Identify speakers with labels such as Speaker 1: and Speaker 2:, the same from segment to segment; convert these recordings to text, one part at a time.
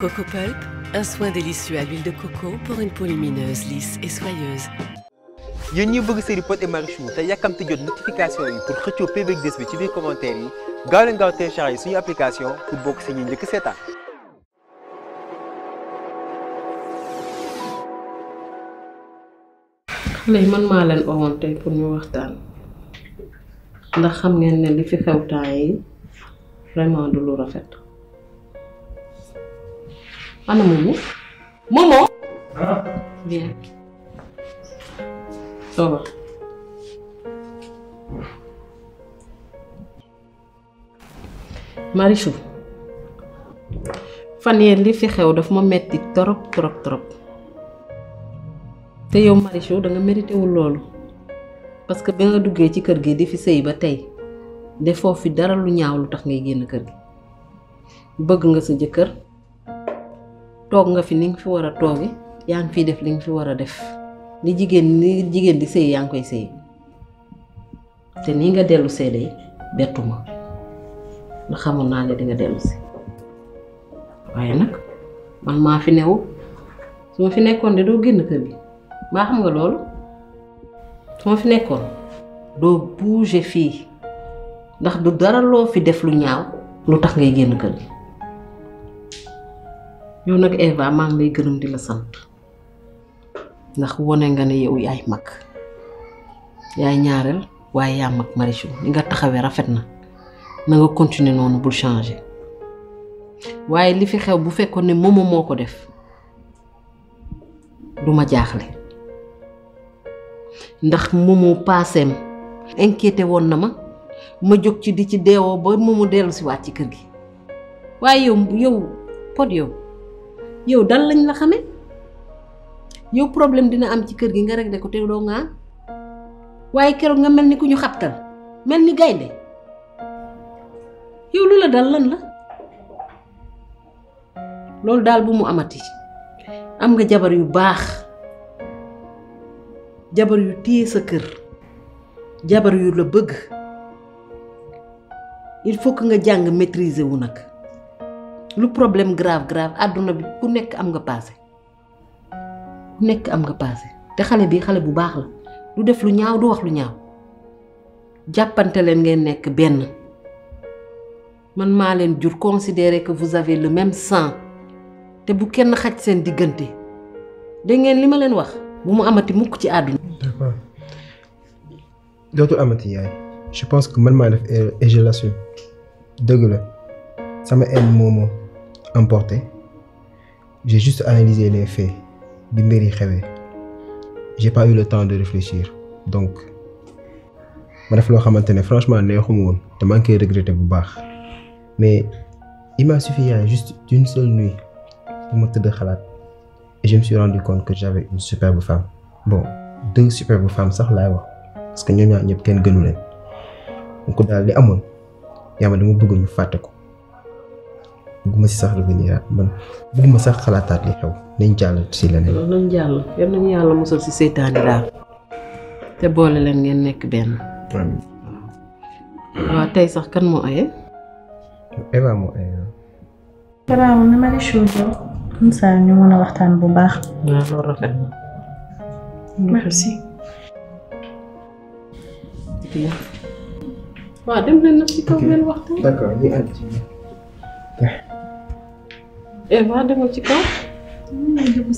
Speaker 1: Coco Pulp, un soin délicieux à l'huile de coco pour une peau lumineuse, lisse et soyeuse. yéen ñi bëgg série Pod et Marichou te yàkkamte jot notification yi pour xëccoo PVB des bi ci biir commentaire yi gaaw leen gaaw téléchargé suñu application pour bokk si ñi njëkk seetaan.
Speaker 2: léegi man ma leen owoon pour ñu waxtaan ndax xam ngeen ne li fi xew yi vraiment du lu rafet Mana Momo? Momo? Hah? Dia. Toma. Marichou fan li fi xew daf ma metti torop torop torop te yow Marichou da nga mérité wu lolu. parce que ba nga duggé ci kër gi di fi sey ba tay. fi dara lu ñaaw lu tax ngay génn kër gi bëgg nga sa jëkkër toog nga fi ni nga fi war a toogi yaa ngi fiy def li nga fi war a def li jigéen ni jigéen di sëy yaa ngi koy sëy te nii nga dellu see day bettu ndax xamoon naa ne di nga dellu si waaye nag man maa fi newu su ma fi nekkoon de doo génn kër gi mbaa xam nga loolu su ma fi nekkoon doo bouger fii ndax du dara loo fi def lu ñaaw lu tax ngay génn kër gi yow nag Eva maa ngi lay gërëm di la sant ndax wone nga ne yow yaay mag yaay ñaareel waaye yaa mag Marichou li nga taxawee rafet na na nga continuer noonu bul changer waaye li fi xew bu fekkoon ne moom moo ko def du ma jaaxle ndax moomu paaseem inkete woon na ma ma jóg ci di ci deewoo ba mu dellu si waat ci kër gi waaye yow yow pod yow yow dal lañ la xamee yow problème dina am ci kër gi nga réglé ko te doo nga waaye keroog nga mel ni ku ñu xabtal mel ni gaynde yow lu la dal lan la loolu daal bu mu amati am nga jabar yu baax jabar yu téye sa kër jabar yu la bëgg il faut que nga jàng maîtriser wu nag Le problème grave grave pas. bi ku am nga ku am nga te bi bu la def lu ñaaw wax lu ñaaw ngeen man jur considérer que vous avez le même sang te bu kenn xaj seen diggante ngeen wax amati mukk ci
Speaker 1: d'accord amati je pense que man def je ça dëgg la sama emporté j'ai juste analysé les faits bi mbir j'ai pas eu le temps de réfléchir donc je def loo xamante franchement je ne te pas regretter bu baax mais il m'a suffi juste d'une seule nuit pour ma de xalaat et je me suis rendu compte que j'avais une superbe femme bon deux superbes femmes sax laay parce que nous ñaar pas kenn gënu leen donc daal li à yaa dama bëgg ñu ko. bëgguma si sax revenir yaa ah, man bëgguma sax xalaataat li xew nañ jàll si leneen.
Speaker 2: loolu nañ jàll yal nañu yàlla musal si seytaan yi daal te boole leen ngeen nekk benn. amiin waaw tey sax kan moo aye.
Speaker 1: Eva moo aye. Ah.
Speaker 3: Karaaw na ma di chaudre
Speaker 4: comme ça ñu mën a waxtaan bu baax.
Speaker 2: waaw loolu rafet na. merci. bien. waaw dem leen nag si kaw ngeen waxtaan.
Speaker 1: d'accord ñu àgg ci
Speaker 2: eh Eva,
Speaker 4: ada mau cikau? Hum, eu vou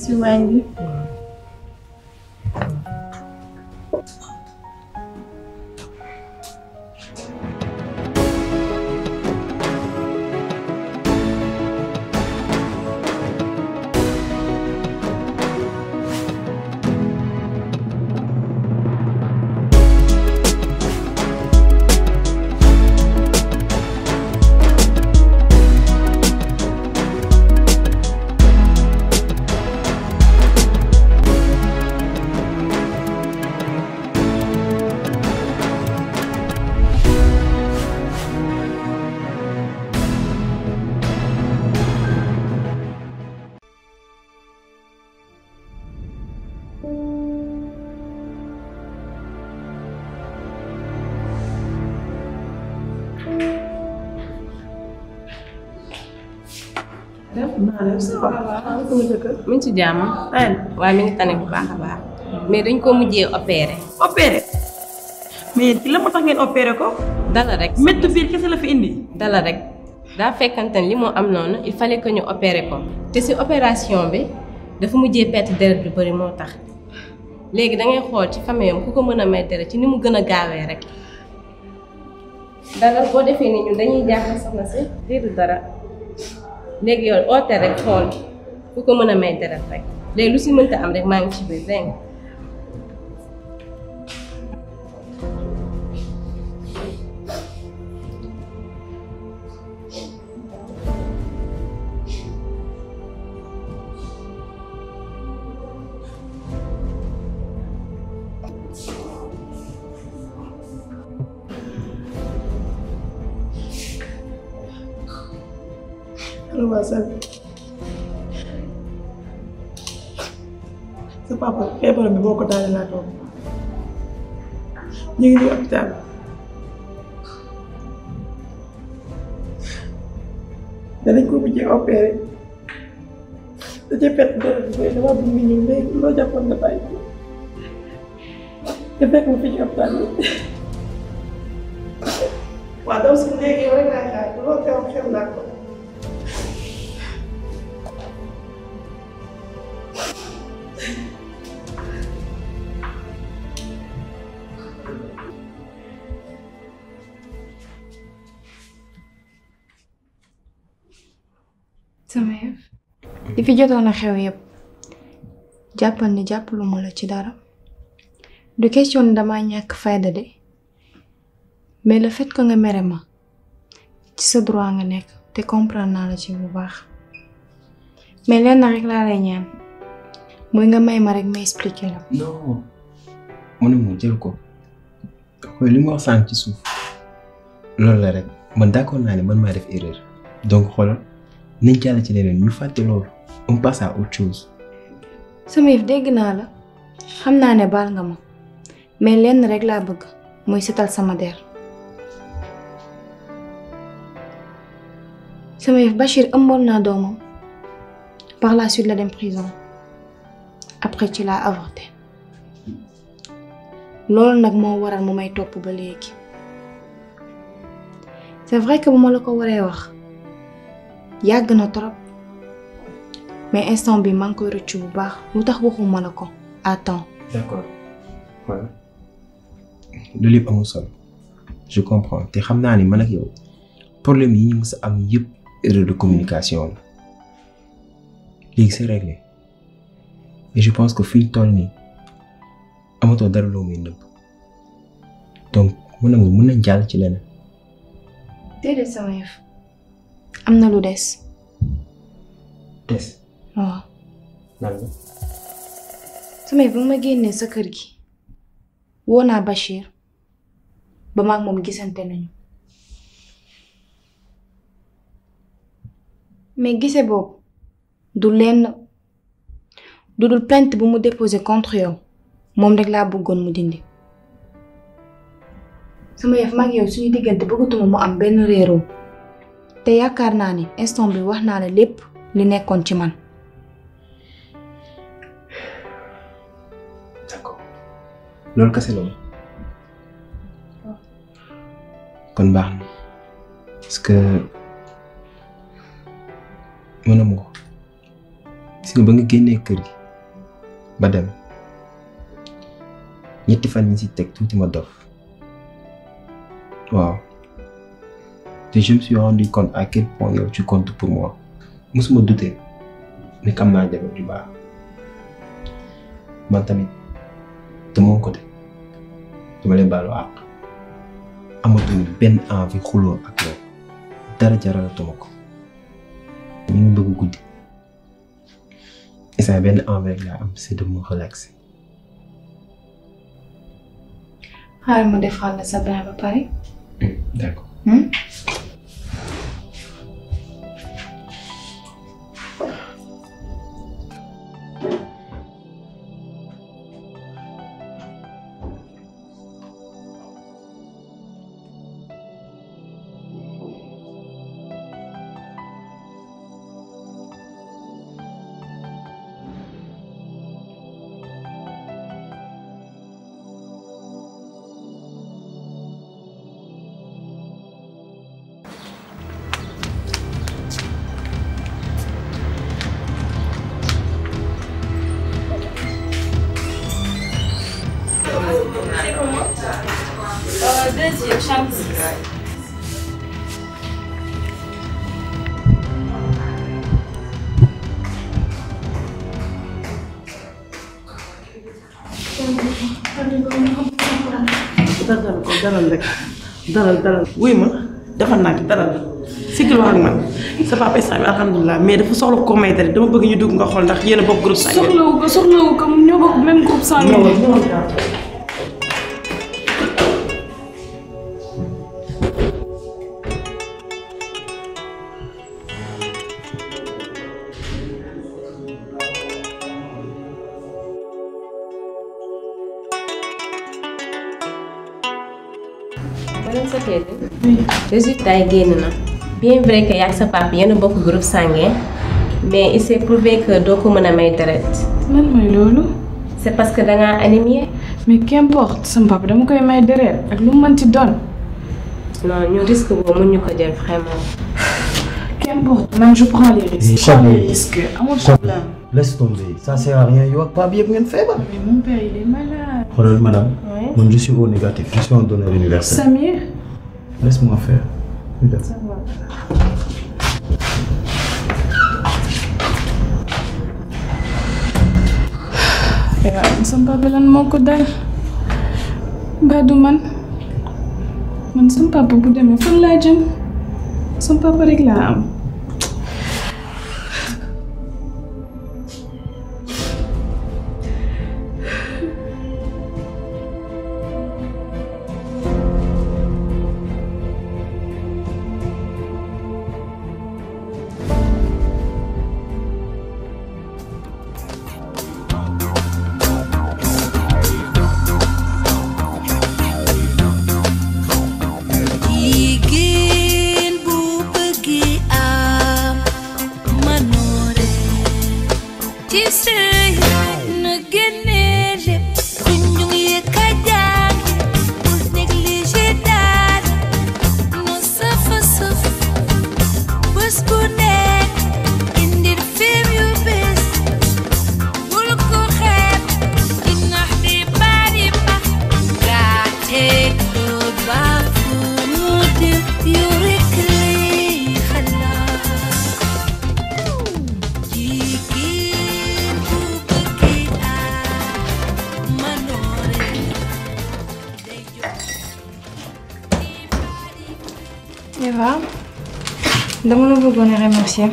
Speaker 3: sama jëkkër mu ngi ci jàmm waaye mi ngi tane bu baax a baax mais dañ koo mujjee opéré opéré mais la moo tax ngeen opéré ko dala rek méttu biir kese la fi indi dala rek daa fekkante li moo am noonu il ñu opéré ko te si opération bi dafa mujjee perte deret bu moo tax léegi da xool ci famille ku ko mën a may ci ni mu gën a gaawee rek dala boo defee ni ñun dañuy jaaxal soxna si lii du dara léegi yow oote rek xool ku ko mën a may dara rek léegi lu si mënta am rek maa ngi ci biir dégg
Speaker 2: boo ko daane laa toog
Speaker 5: ñu ngi nii hôpital
Speaker 1: danañ ko mujjee opéré da cee perte deret bàyyi ko
Speaker 2: te fekk mu fi ci hôpital bi waaw donc léegi yow rek xaar loo xew xew naa ko
Speaker 4: li fi jotoon na xew yëpp jàppal ni jàppaluma la ci dara du question ni damaa ñàkk fayda de mais le fait que nga mere ma ci sa droit nga nekk te comprendre naa la ci bu baax mais lenn rek laa lay mooy nga may ma rek ma expliquer
Speaker 1: la. mu ne mu jël ko koy li ma wax ci suuf loolu la rek man d'accord naa ne man maa def erreur donc xoolal. nañ jàll ci leneen ñu fàtte loolu on passe à autre chose.
Speaker 4: Samif dégg naa la xam naa ne baal nga ma mais lenn rek laa bëgg muy setal sama der Samif Bachir ëmboon naa doomam par la suite la dem prison après ci laa avorté loolu nag moo waral mu may topp ba léegi c'est vrai que bu ma la ko waree wax yàgg na trop mais instant bi maa ngi koy bu baax lu waxuma la ko attends.
Speaker 2: d'accord
Speaker 1: voilà loolu yëpp amul solo je comprends te xam naa ni man ak yow problème yi ñu am erreur de communication la léegi c'est réglé mais je pense que fi ñu toll nii amatoo dara donc mën na mën na jàll ci leneen.
Speaker 4: déedéet sama am na lu des. des. waaw. lan la. ma génnee sa kër gi woo naa Bachir ba maag moom gisante nañu mais gise boobu du lenn du dul plainte bu mu déposé contre yow moom rek laa bëggoon mu dindi. sama yëf mag yow suñu diggante bëggatuma mu am benn réeroo. te yaakaar naa ni instant bi wax naa la lépp li nekkoon ci man.
Speaker 1: d'accord loolu kese kon baax na parce que mënuma ko si nga ba nga génnee kër gi ba dem ñetti fan ñi ci teg tuuti ma dof waaw. je me suis rendu compte à quel point tu comptes pour moi suis douter mais comme je tu je suis de mon côté dama leen envie ak je envie c'est de me relaxer.
Speaker 4: Je je suis sa de ba d'accord. Hmm?
Speaker 3: Deci, și am zis.
Speaker 2: dalal ko dalal rek dalal dalal wuy ma dafa nak dalal sikil wax ak man sa papa isa bi alhamdoulilah mais dafa soxla ko may dara dama bëgg ñu dugg nga xol ndax yéena bokk groupe sang soxlawu
Speaker 4: ko soxlawu ko ñoo même groupe ñoo
Speaker 3: résultat yi génn bien vrai que yaag sa papa yéen a bokk groupe sanguin mais il s'est prouvé que doo ko mën a may deret. lan mooy loolu. c'est parce que da ngaa anémie. mais qu'importe son papa dama koy may deret ak lu mu mënti doon. non ñu risque boobu mun ko jël
Speaker 4: vraiment. qu'importe même je prends les
Speaker 5: risques. je prends les risques amul problème.
Speaker 1: laisse tomber ça sert à rien yow ak pas bien ngeen
Speaker 5: feebar. mais mon père il est
Speaker 1: malade. madame. mon je suis au négatif. je suis un donneur universel. Samir. Laisse-moi faire.
Speaker 6: Regarde. Ça va.
Speaker 4: Eh, ah, ne sais pas de je ko dal je ne sais pas sama papa bu demee Je papa remercier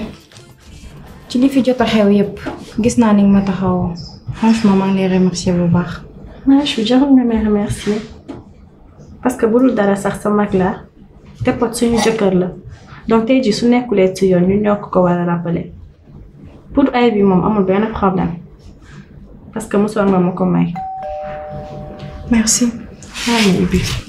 Speaker 4: ci li fi jot a xew yëpp gis naa ni ma taxaw franchement maa ngi lay remercier bu baax. Marichou jarul nga may remercier parce que bu dara sax sa mag la te pot suñu jëkkër la donc tey ji su nekkulee ci yoon ñu ñoo ko ko war a rappeler pour ay bi moom amul benn problème parce que mosoon nga ma ko may. merci. maa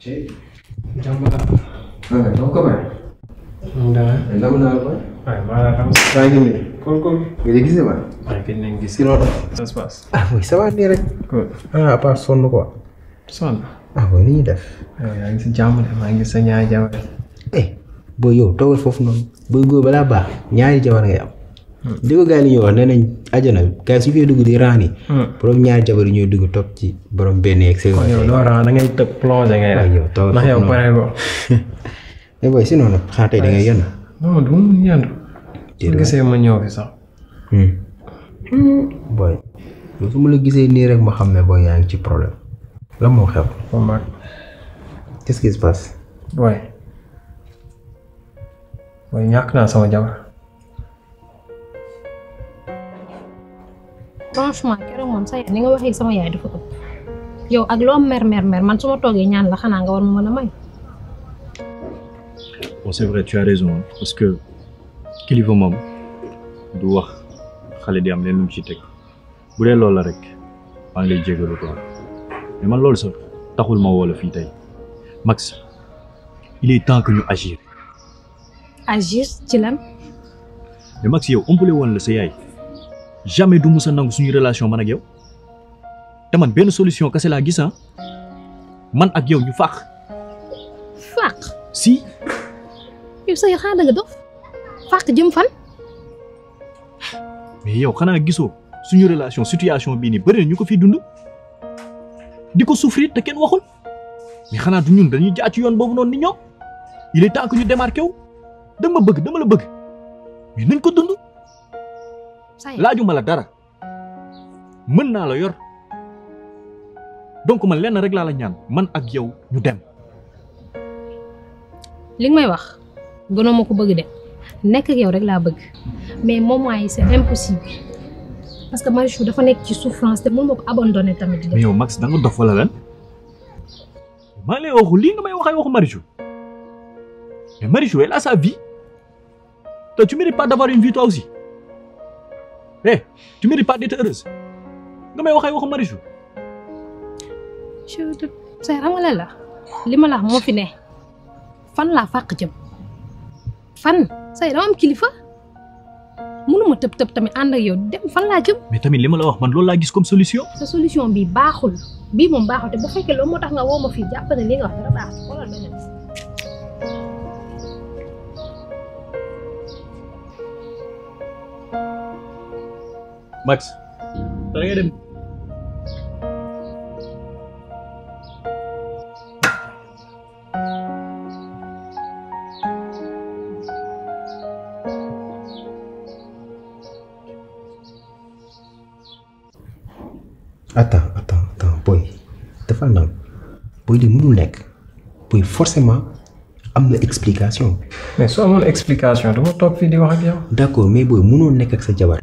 Speaker 1: ci jàmbaar waaye donc comment la mu naa ko waaye maa xam saa ngi nii kon kon nga di gisee ma waaye kenn nañ gis loolu ça se passe ah oui ça va nii rek ah à part sonn quoi sonn ah oui li ñuy def yaa ngi si jàmm de maa ngi sa ñaari jabar eh booy yow toogal foofu noonu booy góor balaa baax ñaari jabar ngay am dëgg gaa yi li ñuy wax gaa yi su fee dugg di raan yi. Hmm. borom ñaari jabar yi ñuy dugg topp ci borom benn yeeg. seen wàllu yow doo raan da ngay tëb plongé ngay def. ndax yow pare eh du ma mun yendu. jërëjëf gisee ma ñëw fi sax. Hmm. booy su ma la gisee nii rek ma xam ne booy yaa ngi ci problème. la moo xew. moom mag. ñàkk naa sama jabar.
Speaker 2: franchement je moom sa ni nga waxee sama yaay dafa ëpp yow ak loo mer mer mer man ñaan
Speaker 7: c'est vrai tu as raison hein, parce que kilifa moom du wax xale di am leen lu ci bu mais man taxul ma Max il est temps que nous agir.
Speaker 4: agir ci lan.
Speaker 7: mais Max yow woon la sa jamais du mus a nangu suñu relation man ak yow te man benn solution kese laa gis ah. man ak yow ñu fàq. fàq. si. yow sa xanaa da nga dof fàq jëm fan. mais yow xanaa gisoo suñu relation situation bii nii bëri ñu ko fi dund di ko souffrir te kenn waxul mais xanaa du ñun dañuy jaar ci yoon boobu noonu ni ñoom il est temps que ñu démarqué wu dama bëgg dama la bëgg mais nañ ko dund. laajuma la dara mën naa la yor donc man lenn rek laa la ñaan man ak yow ñu dem.
Speaker 2: li nga may wax gënoo ma ko bëgg de nekk ak yow rek laa bëgg mais moment yi c'est impossible parce que Marichou dafa nekk ci souffrance te mën ma ko
Speaker 4: abandonné tamit. mais yow
Speaker 7: Max da nga dof wala lan maa ngi waxu lii nga may wax waxu Marichou mais Marichou elle sa vie te tu mérites pas d'avoir une vie toi eh tu mérites pas d'être heureuse nga may waxee waxu
Speaker 2: Marichou. je te la li ma la wax moo fi ne fan laa fàq jëm fan say dama am kilifa mënuma tëb tëb tamit ànd ak yow dem fan laa jëm.
Speaker 7: mais tamit li ma la wax man loolu laa gis comme solution. sa
Speaker 2: solution bi baaxul bii moom baaxul te bu fekkee loolu moo tax nga woo ma fii jàpp ne li nga wax dara baax wala
Speaker 7: Max. Tanya ada
Speaker 1: Attends, attends, attends, booy dafa naw booy di mënul nekk Boy, forcément am na explication. mais soo amoon explication du ma toog fii di wax mais boy, mënoo nekk ak sa jabar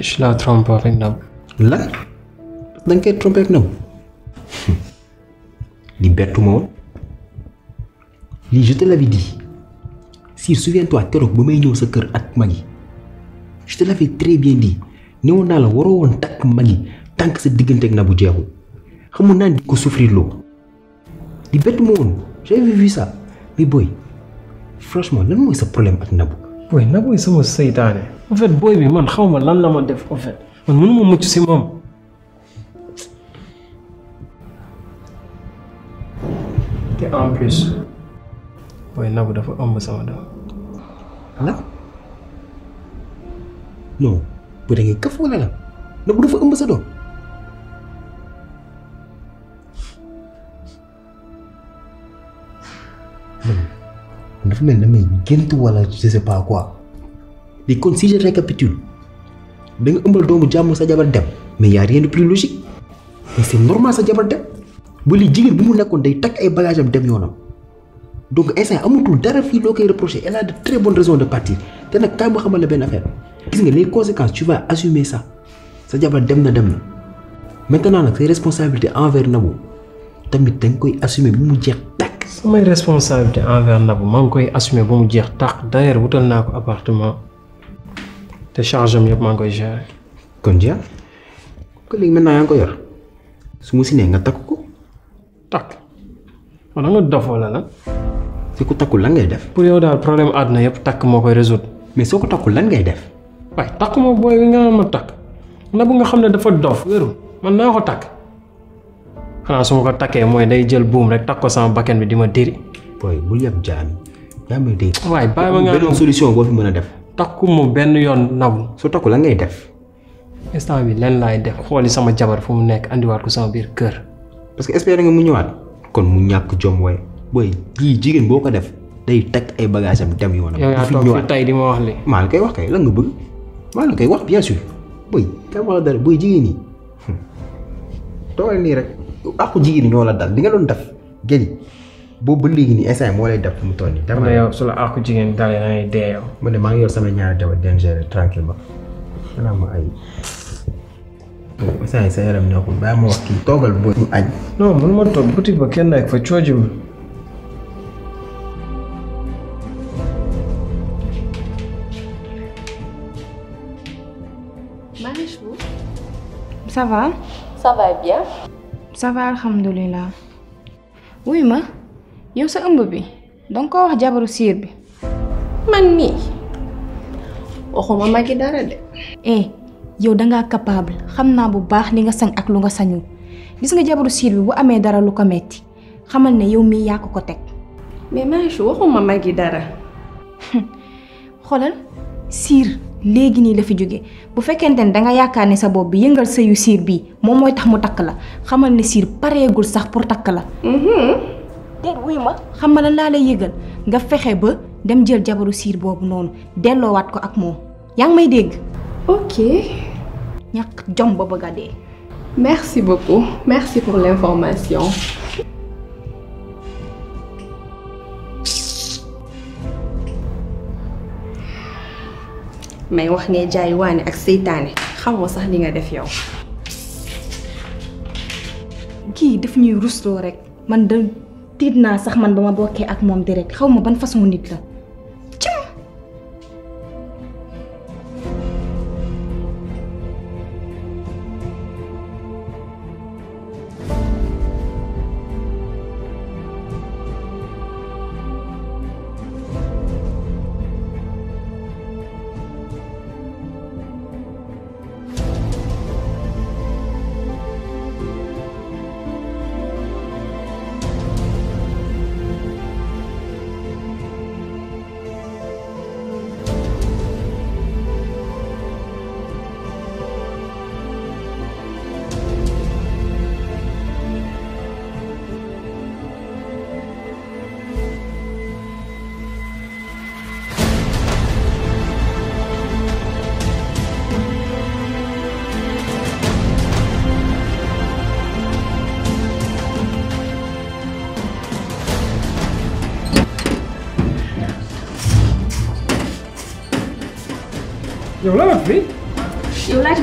Speaker 1: Je la trompe avec Nam. Là Dans quelle trompe avec Nam Libère tout le monde. Je te l'avais dit. Si tu te souviens-toi, tu es au bon ce cœur avec Magui. Je te l'avais très bien dit. Nous on a le droit de tant que Magui, tant que c'est digne de Nabu Djerou. Comment on a dit que souffrir l'eau Libère tout le monde. J'avais vu ça. Mais boy, franchement, là, moi, c'est un problème avec Nabu. boy na boy sama seytaane en fait booy bi man xaw ma lan la ma def en fait man mënu ma mucc si moom. te en plus. booy Nabou dafa ëmb sama doom. la non bu da ngay këf wala la Nabou dafa ëmb sa doom. dafa mel damay gént wala je sais pas quoi li kon si je récapitule da nga ëmbal doomu jàmm sa jabar dem mais y a rien de plus logique mais c'est sa jabar dem ba li jigéen bi mu nekkoon day takk ay bagages am dem yoonam donc instant amatul dara fii loo koy reprocher elle a de très bonnes raisons de partir te nag kaay ma xamal la benn affaire gis nga les conséquences tu vas assumer sa jabar dem na dem na maintenant nag say responsabilité envers Nabou tamit da nga mu jeex. samay responsabilité envers Nabou maa ngi koy assumé ba mu jeex d'ailleurs wutal appartement te charge am yëpp koy gérer. kon jeex ko léegi maintenant yaa yor si nga ko. nga la. def. pour yow problème adna yëpp takk moo résoudre. mais soo ko lan ngay def. waaye takk moom booy nga ma Nabou nga xam ne dafa dof man xana suma ko takkee mooy day jël buum rek takko sama bakken bi di ma diri. boy bul yeb jaan yaa may dégg. waaye ma nga benn solution boo fi mën a def. takku mu benn yoon nabu. su takku la ngay def. instant bi len lay def xooli sama jabar fu mu nekk andiwaat ko sama biir kër. parce que espérer nga mu ñëwaat. kon mu ñàkk jom way boy lii jigéen kan boo ko def day takk ay bagages am dem yoonam. yow yaa toog fi tey di ma wax li maa la koy wax kay la nga bëgg maa la koy wax bien sûr boy ka wax dara boy jigéen hm. toogal nii rek. àqu jigéen ñoo la dal li nga doon def géej boobu ba léegi nii instant moo lay def mu toll nii. dama yow su la àqu jigéen dalee da ngay dee yow. mu ne maa ngi yor sama ñaari jabar di leen gérer tranquillement ma ay. instant yi sa yaram neexul bàyyi ma wax kii toogal booy. mu añ. non man ma toog boutique ba kenn nekk fa cooji ma.
Speaker 3: Marichou. ça va. ça va bien.
Speaker 4: ça va alhamdulilah Oui, ma yow sa ëmb bi Donc ko wax jabaru sir bi man mii waxuma magi dara de eh yow nga capable Xamna bu baax li nga sañ ak lu nga sañu. gis nga jabaru sir bi bu amé dara lu ko metti xamal ne yow mi ya ko ko tek. mais waxuma magi dara Xolal sir léegi nii la fi jóge bu fekkente ne danga yaakaar ne sa bopp bi yëngal sëyu siir bii moom mooy tax mu takk la xamal ne siir pareegul sax pour takk la. Mm-hmm. dégg wuy ma xam nga lan laa lay yëgal nga fexe ba dem jël jabaru siir boobu noonu delloowaat ko ak moom yaa ngi may dégg. ok. ñàkk jom ba bëgg a dee.
Speaker 3: merci beaucoup merci pour l'information. may wax ne
Speaker 4: jaay ak seytaane xamoo sax li nga def yow. kii daf ñuy rusloo rek man da tiit naa sax man ba ma bokkee ak moom direct xaw ma ban façon nit la.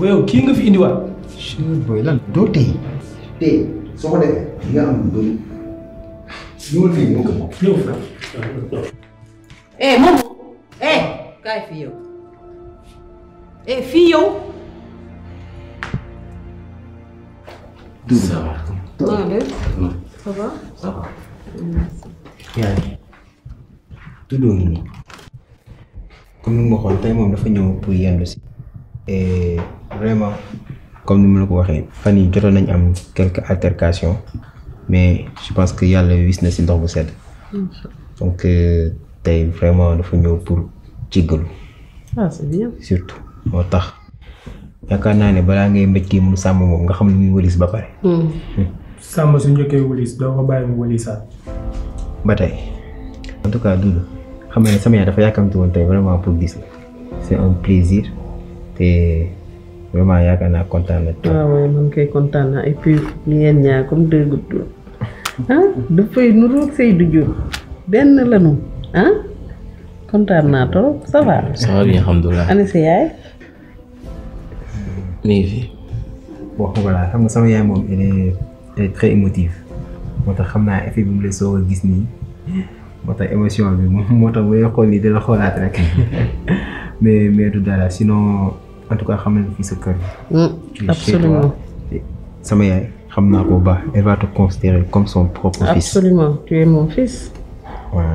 Speaker 1: well king of india shi boylan dote te so ko de ya am do ni ni mo ko flow fra
Speaker 2: eh mo eh kai fio eh fio Ça va.
Speaker 5: Ça
Speaker 2: va Ça va.
Speaker 1: Yani, tudung ini. Kung makonta mo na fanyo puyan do si et eh, vraiment comme nous ma la ko waxee fan yi nañ am quelques altercations mais je pense que yàlla wis na si ndox bu sedd donc euh, tey vraiment dafa ñëw pour jéggalu ah c'est bien surtout moo tax yaakaar naa ne balaa ngay mbëj kii mu sàmm moom nga xam ne muy wëlis ba pare hmm. sàmm su njëkkee wëlis doo ko bàyyi mu wëlisaat ba tey en tout cas Doudou xam ne sama yaay dafa yàkkamti woon tey vraiment pour gis la c'est un plaisir te vraiment naa kontaan na.
Speaker 2: waaw ah waaye man kay kontaan naa et puis ngeen ñaar alhamdulilah. ana sa yaay.
Speaker 1: xam moom elle est émotive moo tax xam naa effet bi mu lay soog gis nii moo tax émotion bi moo tax bu xool nii dala xoolaat rek mais mais du dara sinon. en tout cas xamal na fii sa kër. absolument sama yaay xam naa ko elle va te considérer comme son propre fils.
Speaker 2: absolument tu es mon fils.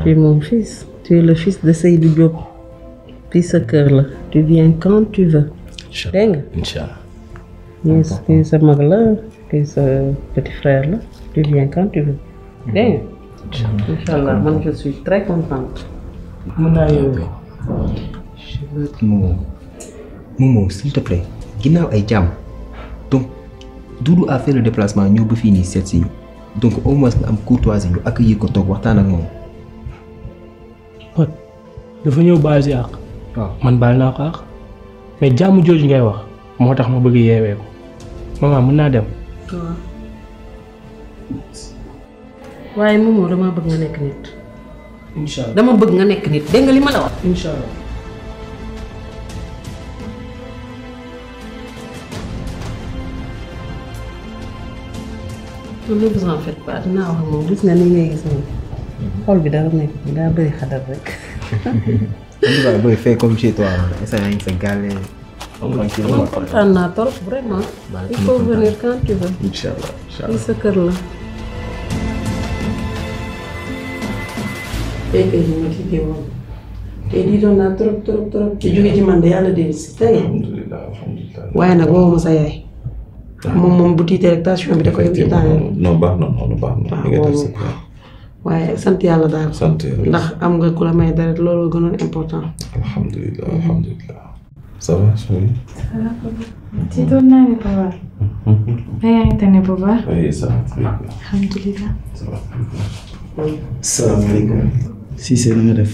Speaker 2: tu es mon fils tu es le fils de Seydou Diop. fii sa kër la tu viens quand tu veux. dégg nga incha allah. kii et sa mag la kii sa petit frère la tu viens quand tu veux. Mm-hmm. dégg incha allah man je suis très contente. mun naa yóbbu.
Speaker 1: Momo s'il te plaît ginnaaw ay jàmm donc Doudou a fait le déplacement ñëw ba fii nii donc au moins nga am courtoisie ñu accueillir ko toog waxtaan ak moom.
Speaker 7: Pod dafa ñëw baal si ak. man baal naa ko àq
Speaker 1: mais jàmm jooju ngay wax motax tax ma bëgg yeewee ko maman mën na dem.
Speaker 6: waaw
Speaker 2: waaye Momo dama bëgg nga nekk nit. incha dama bëgg nga nekk nit dégg nga li ma la wax. incha Não na besoin en não. quoi não não moom gis nga ni ngay gis não xool bi dafa nekk daa bëri não rek.
Speaker 1: li nga bëri fait comme não toi ça yaa ngi sa gàlle. não
Speaker 2: naa trop vraiment. il faut venir não tu veux. incha allah incha allah não kër la. tey kay ñu ma não woon tey diitoon naa trop trop não ci jóge ci man de yàlla não tey. alhamdulilah alhamdulilah. waaye nag woo não sa yaay. Ah. moom moom bu tiitee rek tension bi da koy.
Speaker 1: non baax na noonu baax na. Ah,
Speaker 2: waaye sant yàlla daal. sant yàlla ndax am nga ku la may dara loolu gënoon important. alhamdulilah alhamdulilah.
Speaker 1: ça va Sow.
Speaker 4: ci doon naa ne papa. yaa ngi tane bu
Speaker 2: baax. oui ça
Speaker 1: alhamdulilah. salaamaaleykum. Cissé nga def.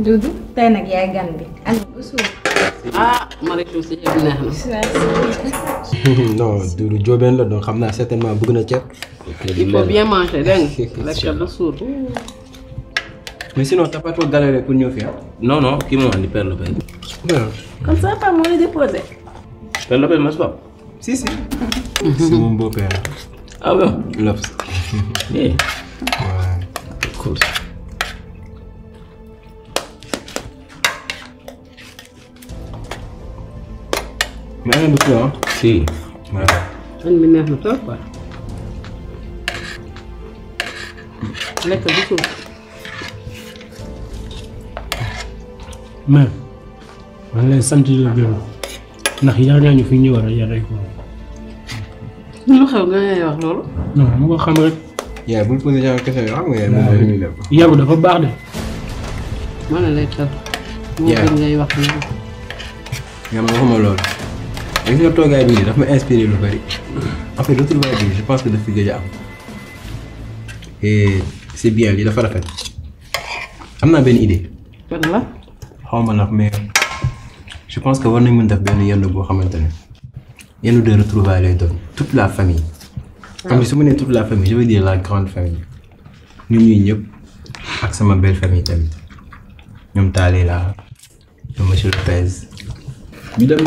Speaker 5: Doudou tu gan
Speaker 2: ah Marichou si yëpp
Speaker 5: neex
Speaker 1: non Doudou Diobène la donc xam naa certainement bëgg de ceeb. il faut bien manger La bien mais sinon t'as pas trop galéré pour ñëw fii hein? non non kii moom andi Père Lopez. Ben.
Speaker 3: comme ça papa moo lay Père Lopez si si. c'est mon
Speaker 1: beau-père. ah bon. Lopez. Eh. cool. maa
Speaker 2: ngi man na trop quoi.
Speaker 6: lekk
Speaker 1: bi sant di la ndax yar fi ñu a yar ay ko.
Speaker 2: lu xew nga ngay wax loolu.
Speaker 1: non mu xam rek. yaru dafa baax de. ma ne lay taw. moo gën
Speaker 6: ngay wax loolu.
Speaker 1: yaa ma waxuma loolu. gis nga toogaay bi nii ma inspiré lu bari en fait retrouvaille bi je pense que daf fi gëj et c'est bien li dafa rafet am naa benn idée. lan la. xaw ma nag mais je pense que war nañ mën def benn yenn boo xamante ne de retrouver lay deux. toute la famille. Comme na su toute la famille je veux dire la grande famille nous ñuy ñëpp ak sama belle famille tamit ñoom Taalee laa ñoom monsieur Lopez ñu dem.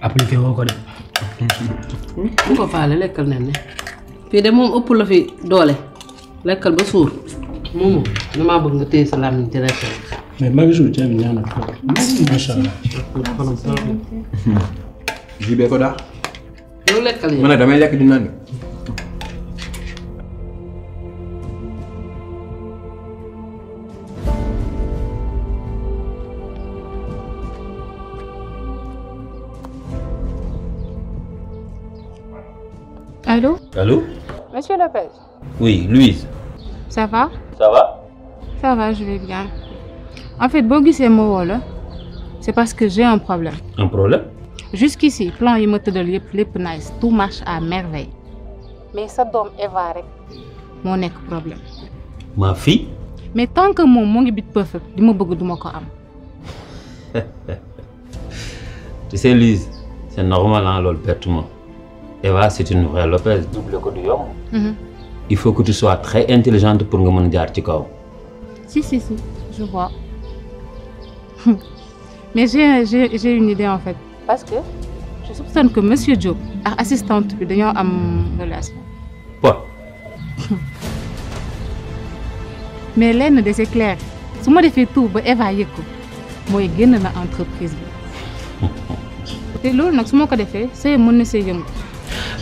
Speaker 1: appliqué woo ko de.
Speaker 2: bu ko faale lekkal nen fii de moom ëpp la fi doole lekkal ba suur moomu damaa bëgg nga téye sa làmmiñ ci lekk
Speaker 1: mais maa ngi suur ceeb bi ñaanal
Speaker 2: ko macha allah. lekkal yi ma ne damay
Speaker 1: lekk di naan.
Speaker 5: Allô Allô Monsieur Lopez
Speaker 6: Oui, Louise. Ça va Ça va
Speaker 5: Ça va, je vais bien. En fait, si c'est mon C'est parce que j'ai un problème. Un problème Jusqu'ici, plan de l'IP, Tout marche à merveille. Mais ça dom Eva Mon problème. Ma fille Mais tant que mon monde est perfect, je ne veux pas am.
Speaker 6: tu sais, Louise, c'est normal, hein, l'olpertement. Eva c'est une vraie Lopez double ko de il faut que tu sois très intelligente pour que tu jaar
Speaker 5: ci si si si je vois mais j'ai une idée en fait parce que je soupçonne que monsieur Joe, ak assistante bi a am relation.
Speaker 6: Quoi
Speaker 5: mais là, c'est clair Si je fais tout ba Eva yëg ko je génn na entreprise bi te si ce que je ko defee sëy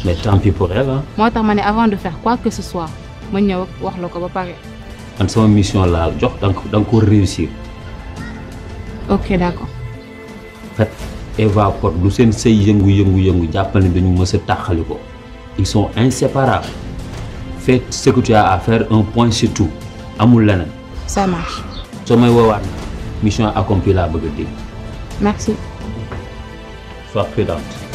Speaker 6: mais tant pis pour elle hein.
Speaker 5: Moi, t'as mané avant de faire quoi que ce soit ma ñëw wax la ko ba pare.
Speaker 6: man sama mission là, jox Donc, ko réussir. ok d'accord..! En fait Eva Pod lu seen sëy yëngu-yëngu-yëngu jàppal ne dañu se ils sont inséparables Faites ce que tu as à faire un point sur tout amul ça marche. soo may mission accomplie là, bëgg merci. sois prudente.